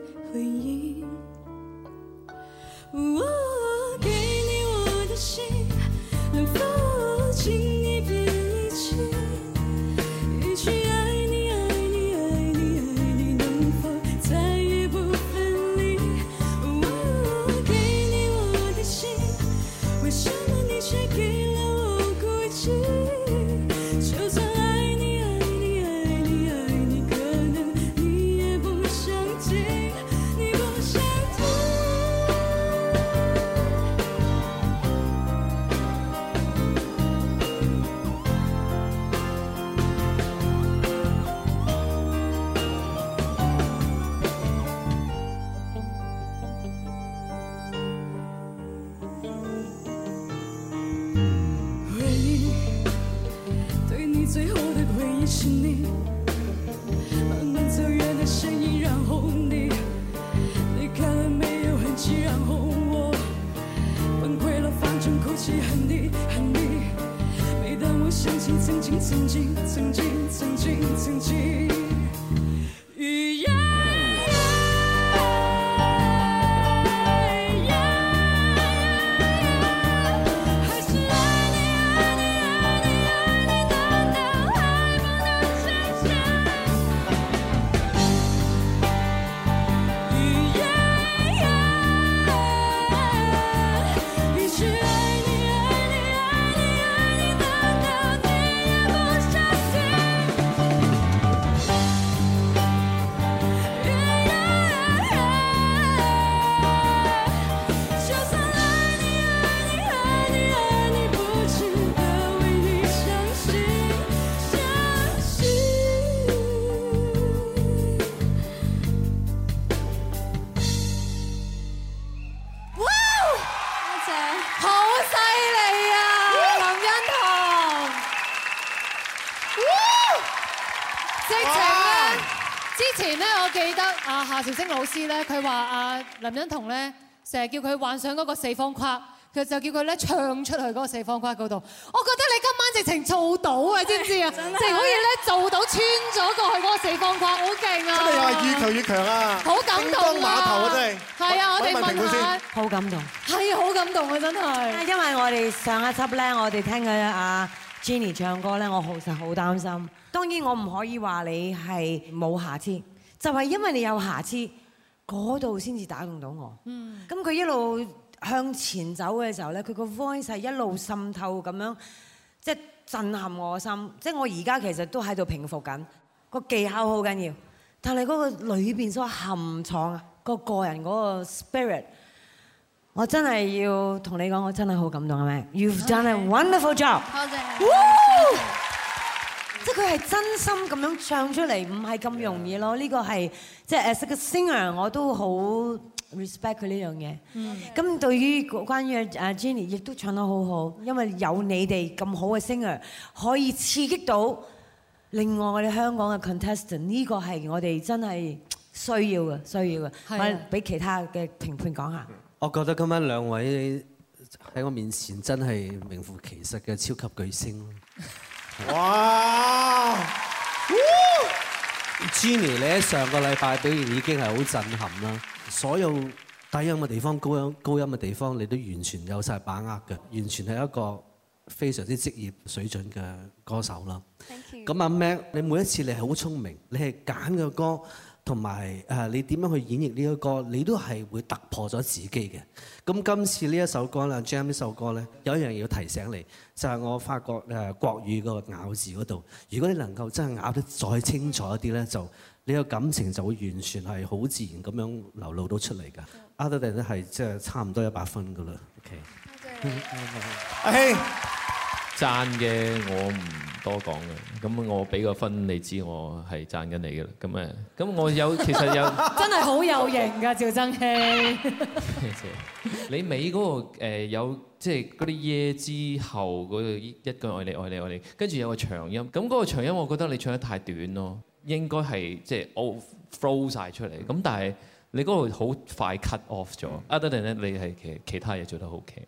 Speaker 5: 回憶、oh，我給你我的心，能否靜？
Speaker 2: 即係之前咧，我記得啊夏韶聲老師咧，佢話啊林欣彤咧，成日叫佢幻想嗰個四方框，佢就叫佢咧唱出去嗰個四方框嗰度。我覺得你今晚直情做到啊，知唔知啊？直可以咧做到穿咗過去嗰
Speaker 10: 個四方框，好勁啊！真係又越強
Speaker 3: 越強啊！好感動啊！頂啊！真係。
Speaker 10: 係啊，我哋問下！好感動。係好感動啊！真係。因為我哋上一輯咧，我哋聽佢啊。Jeanie 唱歌咧，我好實好擔心。當然我唔可以話你係冇瑕疵，就係因為你有瑕疵，嗰度先至打動到我。嗯，咁佢一路向前走嘅時候咧，佢個 voice 係一路滲透咁樣，即係震撼我個心。即係我而家其實都喺度平復緊。個技巧好緊要，但係嗰個裏邊所含藏啊，個個人嗰個 spirit。我真係要同你講，我真係好感動。係咪？You've done a wonderful job。多謝。即係佢係真心咁樣唱出嚟，唔係咁容易咯。呢個係即係 as a singer，我都好 respect 佢呢樣嘢。嗯。咁對於關於阿 Jeanie，亦都唱得好好，因為有你哋咁好嘅 singer，可以刺激到另外我哋香港嘅 contestant。呢個係我哋真係需要嘅，需要嘅。係。俾其他嘅評判講下。
Speaker 8: 我覺得今晚兩位喺我面前真係名副其實嘅超級巨星哇
Speaker 10: ！Jeanie，
Speaker 8: 你喺上個禮拜表現已經係好震撼啦，所有低音嘅地方、高音高音嘅地方，你都完全有晒把握嘅，完全係一個非常之職業水準嘅歌手啦。Thank you。咁阿 Mag，你每一次你係好聰明，你係揀嘅歌。同埋誒，你點樣去演繹呢個歌，你都係會突破咗自己嘅。咁今次呢一首歌咧，G.E.M. 呢首歌咧，有一樣嘢要提醒你，就係、是、我發覺誒國語個咬字嗰度，如果你能夠真係咬得再清楚一啲咧，就你個感情就會完全係好自然咁樣流露到出嚟㗎。阿德弟咧係即係差唔多一百分㗎啦。OK，多
Speaker 3: 謝，阿熹。
Speaker 12: 讚嘅我唔多講嘅，咁我俾個分你知我係讚緊你嘅啦。咁誒，咁我有其實有
Speaker 2: 真係好有型㗎，趙增熹。
Speaker 12: 你尾嗰個有即係嗰啲嘢之後嗰、嗰個一句愛你愛你愛你，跟住有個長音。咁嗰個長音我覺得你唱得太短咯，應該係即係 all flow 晒出嚟。咁但係你嗰度好快 cut off 咗。Other than 咧，你係其其他嘢做得 OK。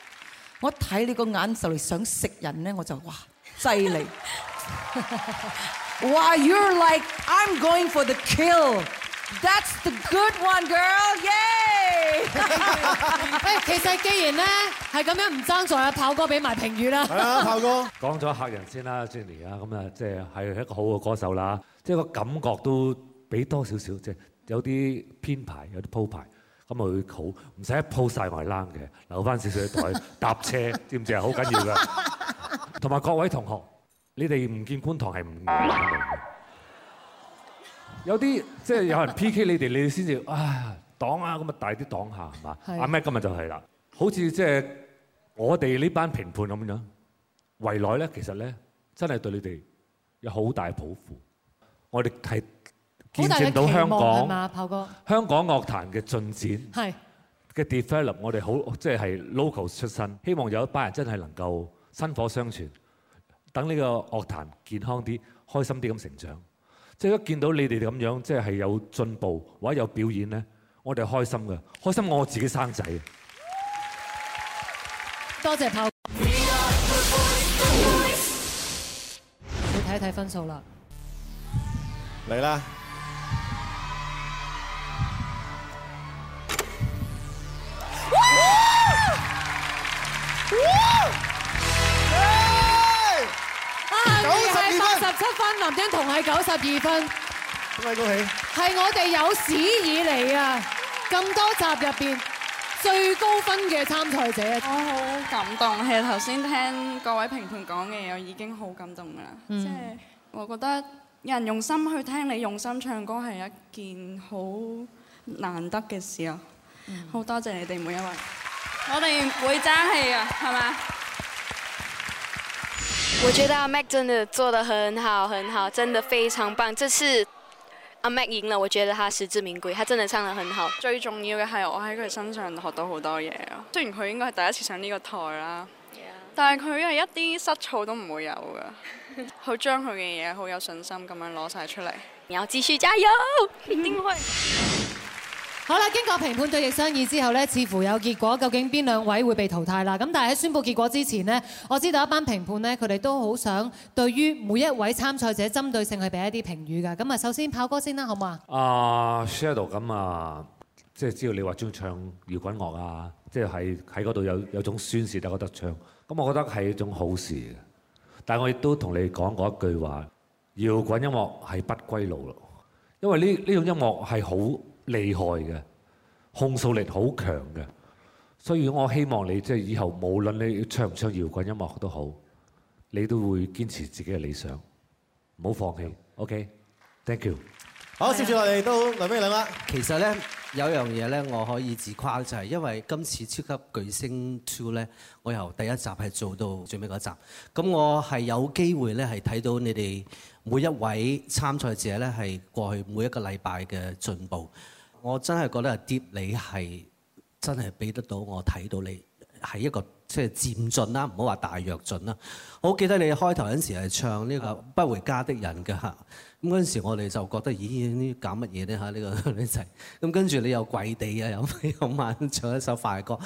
Speaker 9: 我睇你個眼就嚟想食人咧，我就哇犀利！哇，You're like I'm going for the kill，
Speaker 2: that's the good one，girl，yay！哎，其實既然咧係咁樣唔爭在啊，炮哥俾埋評語啦。係啦，炮哥。
Speaker 7: 講咗客人先啦，Jeanie 啊，咁啊即係係一個好嘅歌手啦，即係個感覺都俾多少少，即係有啲編排，有啲鋪排。咁咪去，好唔使一鋪晒外冷嘅，留翻少少袋搭車，知唔知啊？好緊要噶。同埋各位同學，你哋唔見觀塘係唔？有啲即係有人 PK 你哋，你哋先至啊擋啊，咁啊大啲擋下係嘛？阿咩對 今日就係啦，好似即係我哋呢班評判咁樣，圍內咧，其實咧真係對你哋有好大抱負，我哋係。見證到香港炮哥，香港樂壇嘅進展，嘅 develop，的我哋好即係 local 出身，希望有一班人真係能夠薪火相傳，等呢個樂壇健康啲、開心啲咁成長。即係一見到你哋咁樣，即係有進步或者有表演咧，我哋開心嘅，開心我自己生仔。
Speaker 2: 多謝炮哥，你睇一睇分數啦，
Speaker 3: 嚟啦！
Speaker 2: 哇！阿杏兒係八十七分，林欣彤係九十二分。各位恭喜！係
Speaker 14: 我哋有史以嚟啊，咁多集入邊最高分嘅參賽者，我好感動，係頭先聽各位評判講嘅嘢已經好感動㗎啦。即係我覺得有人用心去聽你用心唱歌係一件好難得嘅事啊！好多謝你哋每一位。我哋會爭氣啊，係嘛？我覺得阿 Mac 真的做得很好，很好，真的非常棒。這次阿、啊、Mac 贏了，我覺得他實至名歸，他真的唱得很好。最重要嘅係我喺佢身上學到好多嘢啊！雖然佢應該係第一次上呢個台啦，Yeah. 但係佢係一啲失措都唔會有噶，好將佢嘅嘢好有信心咁樣攞晒出嚟。你要繼續加油， 一定會！
Speaker 2: 好啦，經過評判對弈商議之後咧，似乎有結果。究竟邊兩位會被淘汰啦？咁但係喺宣布結果之前呢，我知道一班評判咧，佢哋都好想對於每一位參賽者針對性去俾一啲評語嘅。咁啊，首先炮哥先啦，好唔好？
Speaker 7: 啊 Sheldon，咁啊，即係知道你話中唱搖滾樂啊，即係喺喺嗰度有有種宣泄，我覺得唱，咁我覺得係一種好事嘅。但係我亦都同你講過一句話，搖滾音樂係不歸路咯，因為呢呢種音樂係好厲害嘅，控訴力好強嘅，所以我希望你即係以後無論你唱唔唱搖滾音樂都好，你都會堅持自己嘅理想，唔好放棄。OK，Thank you。
Speaker 8: 謝謝。好，接住落嚟都留畀你兩啦。其實呢。有樣嘢咧，我可以自誇，就係，因為今次《超級巨星 two》咧，我由第一集係做到最尾嗰集，咁我係有機會咧係睇到你哋每一位參賽者咧係過去每一個禮拜嘅進步。我真係覺得阿 Deep 你係真係俾得到我睇到你係一個即係、就是、漸進啦，唔好話大躍進啦。我記得你開頭嗰時係唱呢個《不回家的人》噶嚇。咁嗰陣時，我哋就覺得，咦？呢搞乜嘢呢？嚇、啊，呢、呢個女仔。咁跟住你又跪地啊，又又慢唱一首快歌。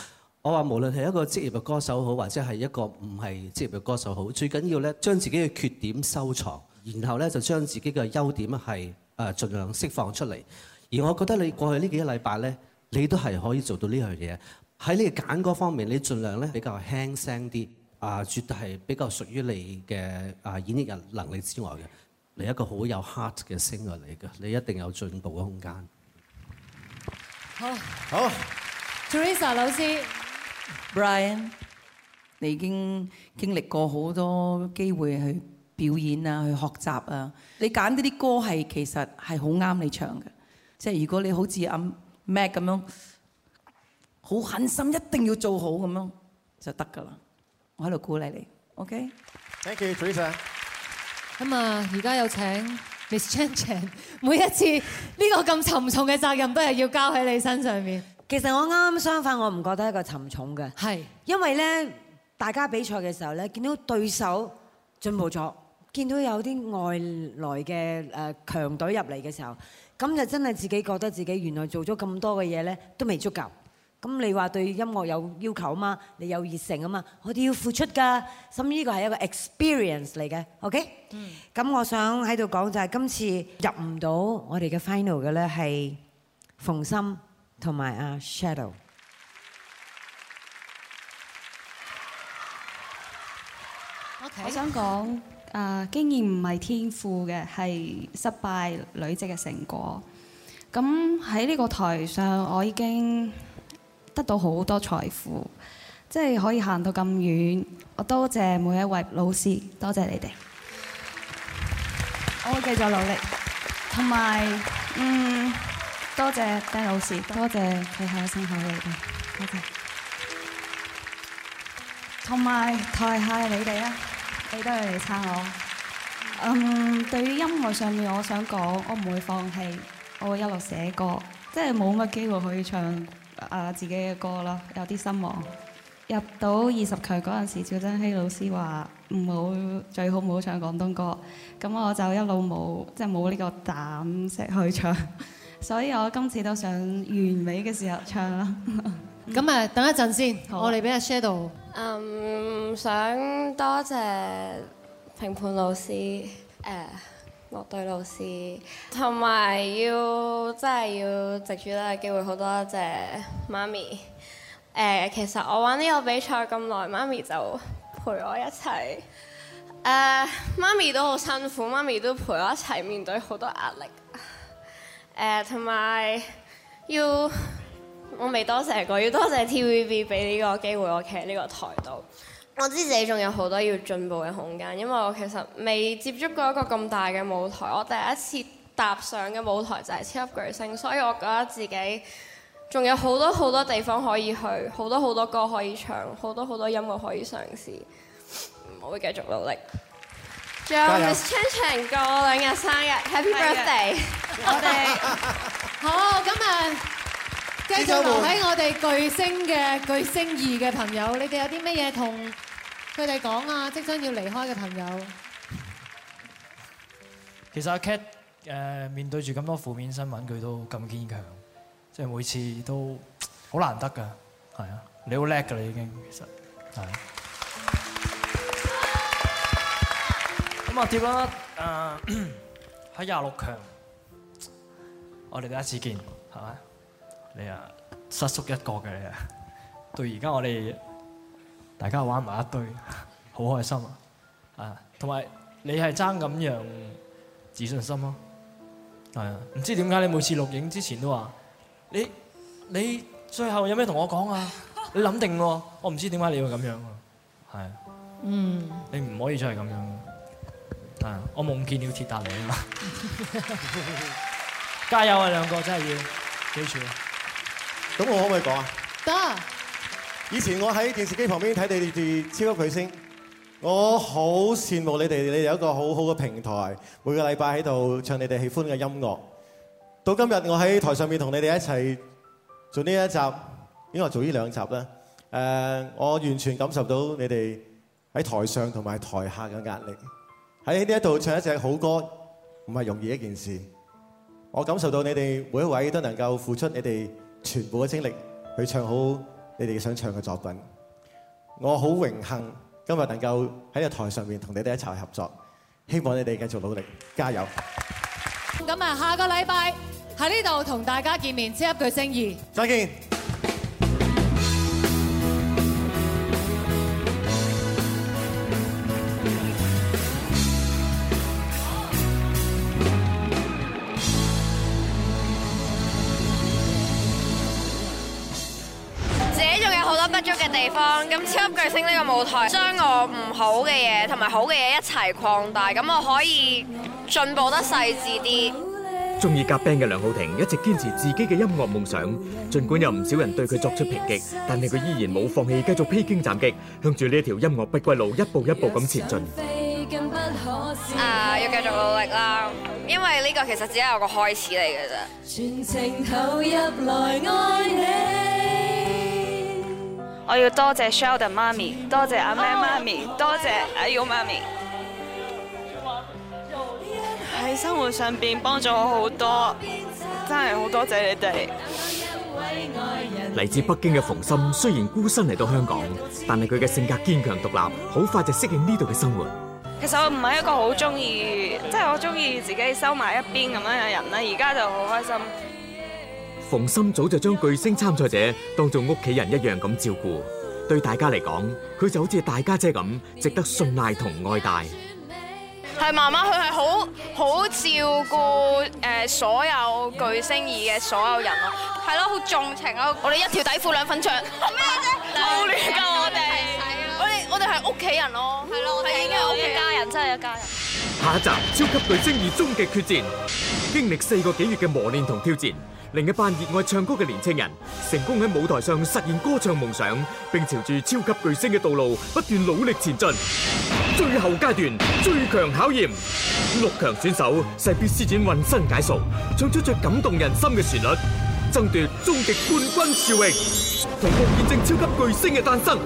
Speaker 8: 我話無論係一個職業嘅歌手好，或者係一個唔係職業嘅歌手好，最緊要咧，將自己嘅缺點收藏，然後咧就將自己嘅優點係盡量釋放出嚟。而我覺得你過去呢幾個禮拜咧，你都係可以做到呢樣嘢。喺呢個揀歌方面，你盡量咧比較輕聲啲。啊，絕對係比較屬於你嘅啊演繹人能力之外嘅。你一個好有 heart 嘅聲樂嚟㗎，你一定有進步嘅空間。
Speaker 2: 好，
Speaker 8: 好
Speaker 2: ，Teresa 老師
Speaker 9: ，Brian，你已經經歷過好多機會去表演啊，去學習啊。你揀呢啲歌係其實係好啱你唱嘅，即係如果你好似阿 Mac 咁樣好狠心，一定要做好咁樣就得噶啦。我喺度鼓勵你
Speaker 2: ，OK？Thank you, Teresa。咁啊，而家有請 Miss Chan Chan。每一次呢個
Speaker 10: 咁沉重嘅責任都係要交喺你身上面。其實我啱啱相反，我唔覺得一個沉重嘅。係。因為呢，大家比賽嘅時候呢，見到對手進步咗，見到有啲外來嘅誒強隊入嚟嘅時候，咁就真係自己覺得自己原來做咗咁多嘅嘢呢，都未足夠。咁你話對音樂有要求啊嘛？你有熱誠啊嘛？我哋要付出㗎，甚至呢個係一個 experience 嚟嘅。OK，咁我想喺度講就係今次入唔到我哋嘅 final 嘅咧，係馮心同埋阿 Shadow。
Speaker 2: 我
Speaker 14: 想講誒經驗唔係天賦嘅，係失敗累積嘅成果。咁喺呢個台上，我已經得到好多財富，即係可以行到咁遠。我多謝每一位老師，多謝，謝你哋。
Speaker 10: 我會繼
Speaker 14: 續努力還有，同埋嗯，多謝丁老師，多謝喺我身後嘅你哋。同埋台下你哋咧，你都要嚟撐我。嗯，對於音樂上面，我想講，我唔會放棄，我會一路寫歌，即係冇乜機會可以唱，誒自己嘅歌啦，有啲失望。入到二十強嗰陣時候，趙增熹老師話唔好，最好唔好唱廣東歌，咁我就一路冇，即係冇呢個膽識去唱，所以我今次都想完美嘅時候唱啦。咁誒，等一陣先，
Speaker 2: 我嚟俾阿 Shadow
Speaker 14: 嗯，想多謝，謝評判老師誒。樂隊老師，同埋要真係要藉住呢個機會很，好多謝媽咪。誒、呃，其實我玩呢個比賽咁耐，媽咪就陪我一齊。誒、呃，媽咪都好辛苦，媽咪都陪我一齊面對好多壓力。誒、呃，同埋要我未多謝過，要多謝 TVB 俾呢個機會我企喺呢個台度。我知自己仲有好多要進步嘅空間，因為我其實未接觸過一個咁大嘅舞台。我第一次踏上嘅舞台就係超級巨聲，所以我覺得自己仲有好多好多地方可以去，好多好多歌可以唱，好多好多音樂可以嘗試。我會繼續努力我。仲有 Miss Chan 過兩日生日，Happy Birthday！我哋好，今日
Speaker 2: 繼續留喺我哋
Speaker 14: 巨聲嘅巨聲
Speaker 2: 二嘅朋友，你哋有啲乜嘢同？佢哋講啊，即將要離開嘅朋友。
Speaker 15: 其實阿 Cat 誒面對住咁多負面新聞，佢都咁堅強，即係每次都好難得噶，係啊，你好叻㗎啦已經，其
Speaker 1: 實係。
Speaker 15: 咁啊，碟啦誒喺廿六強，我哋第一次見係咪？你啊失足一個㗎你啊，到而家我哋。大家玩埋一堆，好開心啊！啊，同埋你係爭咁樣自信心咯，係啊！唔知點解你每次錄影之前都話你你最後有咩同我講啊？你諗定喎，我唔知點解你會咁樣啊！係，嗯，你唔可以再係咁樣啊！我夢見了鐵達尼啊嘛！加油啊，兩個真係要記住。
Speaker 3: 咁我可唔可以講啊？得。以前我喺電視機旁邊睇你哋超級巨星，我好羨慕你哋，你哋有一個好好嘅平台，每個禮拜喺度唱你哋喜歡嘅音樂。到今日我喺台上面同你哋一齊做呢一集，應該做呢兩集啦。誒，我完全感受到你哋喺台上同埋台下嘅壓力。喺呢一度唱一隻好歌唔係容易一件事。我感受到你哋每一位都能夠付出你哋全部嘅精力去唱好。你哋想唱嘅作品，我好榮幸今日能夠喺呢個台上面同你哋一齊合作，希望你哋繼續努力，加油！
Speaker 2: 咁啊，下個禮拜喺呢度同大家見面，接一句聲意
Speaker 3: 再見。
Speaker 14: 地方咁超級巨星呢個舞台，將我唔好嘅嘢同埋好嘅嘢一齊擴大，咁我可以進步得細緻啲。
Speaker 1: 中意夾 band 嘅梁皓婷一直堅持自己嘅音樂夢想，儘管有唔少人對佢作出抨擊，但係佢依然冇放棄，繼續披荊斬棘，向住呢一條音樂不歸路一步一步咁前進。
Speaker 14: 啊，要繼續努力啦，因為呢個其實只係有個開始嚟嘅啫。全情投入來愛你。我要多謝 Sheldon 媽咪，多謝阿 May 媽咪，多謝阿耀媽咪，喺生活上邊幫咗我好多，真係好多謝你哋。嚟
Speaker 1: 自北京嘅馮心雖然孤身嚟到香港，但係佢嘅性格堅強獨立，好快就適應呢度嘅生活。
Speaker 14: 其實我唔係一個好中意，即係我中意自己收埋一邊咁樣嘅人啦，而家就好開心。
Speaker 1: 馮心早就將巨聲參賽者當做屋企人一樣咁照顧，對大家嚟講，佢就好似大家姐咁，值得信賴同愛戴。
Speaker 14: 係媽媽，佢係好好照顧誒，所有巨聲二嘅所有人咯，係咯，好重情啊！我哋一條底褲兩粉腸，咩啫？冇亂噶！我哋，我哋，我哋係屋企人咯，係咯，我哋應該屋企家人真
Speaker 1: 係一家人。下一集超級巨聲二終極決戰，經歷四個幾月嘅磨練同挑戰。另一班熱愛唱歌嘅年青人，成功喺舞台上實現歌唱夢想，並朝住超級巨星嘅道路不斷努力前進。最後階段，最強考驗，六強選手勢必施展渾身解數，唱出最感動人心嘅旋律，爭奪終極冠軍殊榮，同我見證超級巨星嘅誕生。